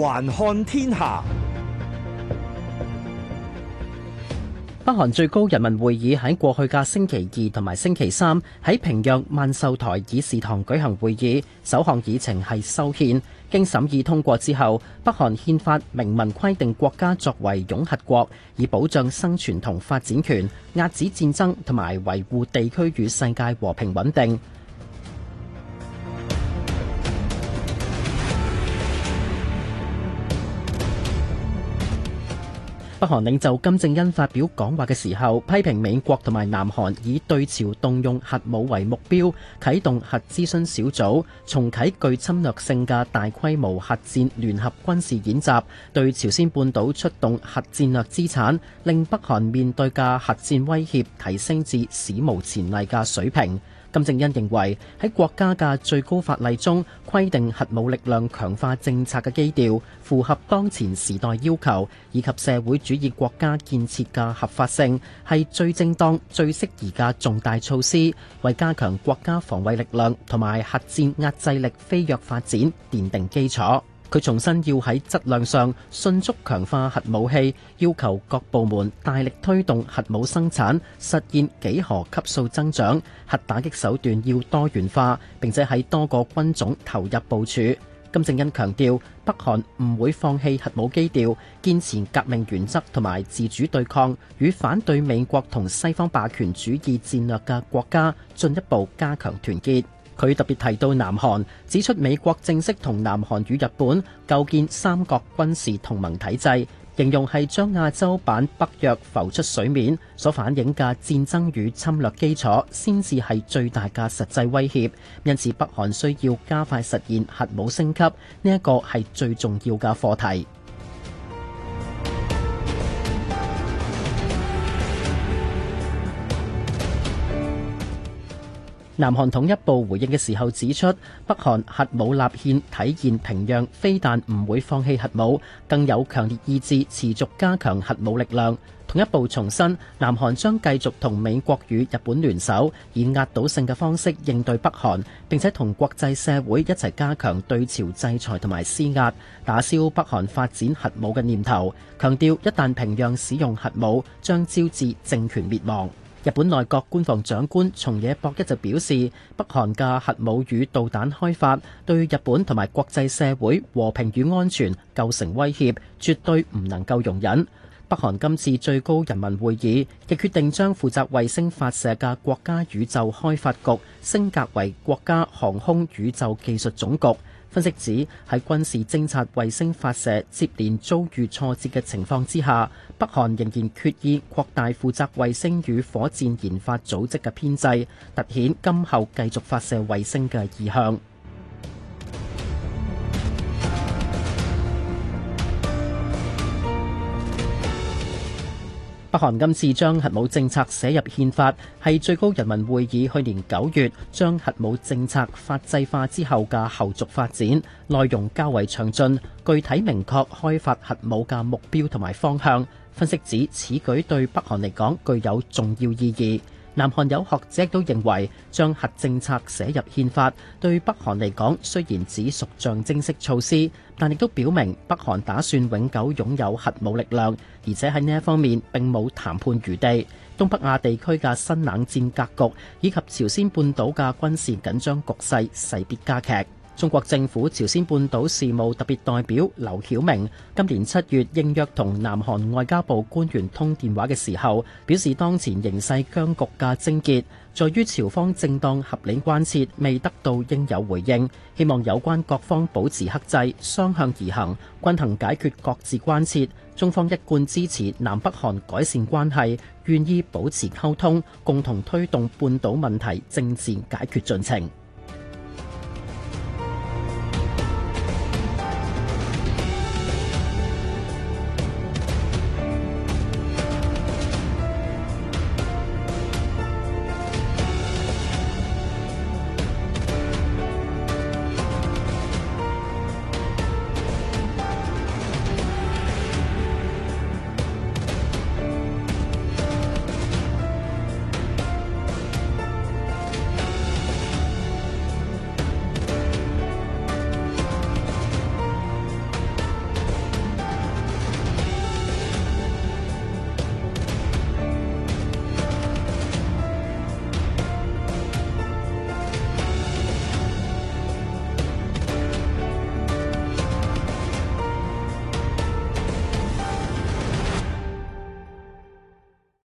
環看天下，北韓最高人民會議喺過去嘅星期二同埋星期三喺平壤萬壽台議事堂舉行會議，首項議程係修憲，經審議通過之後，北韓憲法明文規定國家作為擁核國，以保障生存同發展權，遏止戰爭同埋維護地區與世界和平穩定。北韓領袖金正恩發表講話嘅時候，批評美國同埋南韓以對朝動用核武為目標，啟動核諮詢小組，重啟具侵略性嘅大規模核戰聯合軍事演習，對朝鮮半島出動核戰略資產，令北韓面對嘅核戰威脅提升至史無前例嘅水平。金正恩認為喺國家嘅最高法例中規定核武力量強化政策嘅基調，符合當前時代要求以及社會主義國家建設嘅合法性，係最正當、最適宜嘅重大措施，為加強國家防衛力量同埋核戰壓制力飛躍發展奠定基礎。佢重新要喺質量上迅速強化核武器，要求各部門大力推動核武生產，實現幾何級數增長。核打擊手段要多元化，並且喺多個軍種投入部署。金正恩強調，北韓唔會放棄核武基調，堅持革命原則同埋自主對抗，與反對美國同西方霸權主義戰略嘅國家進一步加強團結。佢特別提到南韓，指出美國正式同南韓與日本構建三國軍事同盟體制，形容係將亞洲版北約浮出水面，所反映嘅戰爭與侵略基礎，先至係最大嘅實際威脅。因此，北韓需要加快實現核武升級，呢一個係最重要嘅課題。南韓統一部回應嘅時候指出，北韓核武立憲體現平壤非但唔會放棄核武，更有強烈意志持續加強核武力量。統一部重申，南韓將繼續同美國與日本聯手，以壓倒性嘅方式應對北韓，並且同國際社會一齊加強對朝制裁同埋施壓，打消北韓發展核武嘅念頭。強調一旦平壤使用核武，將招致政權滅亡。日本內閣官房長官松野博一就表示，北韓嘅核武與導彈開發對日本同埋國際社會和平與安全構成威脅，絕對唔能夠容忍。北韓今次最高人民會議亦決定將負責衛星發射嘅國家宇宙開發局升格為國家航空宇宙技術總局。分析指喺軍事偵察、衛星發射接連遭遇挫折嘅情況之下，北韓仍然決意擴大負責衛星與火箭研發組織嘅編制，突顯今後繼續發射衛星嘅意向。北韓今次將核武政策寫入憲法，係最高人民會議去年九月將核武政策法制化之後嘅後續發展，內容較為詳盡，具體明確開發核武嘅目標同埋方向。分析指此舉對北韓嚟講具有重要意義。南韓有學者亦都認為，將核政策寫入憲法對北韓嚟講，雖然只屬象徵式措施，但亦都表明北韓打算永久擁有核武力量，而且喺呢一方面並冇談判餘地。東北亞地區嘅新冷戰格局以及朝鮮半島嘅軍事緊張局勢勢必加劇。中國政府朝鮮半島事務特別代表劉曉明今年七月應約同南韓外交部官員通電話嘅時候，表示當前形勢僵局嘅症結，在於朝方正當合理關切未得到應有回應，希望有關各方保持克制，雙向而行，均衡解決各自關切。中方一貫支持南北韓改善關係，願意保持溝通，共同推動半島問題政治解決進程。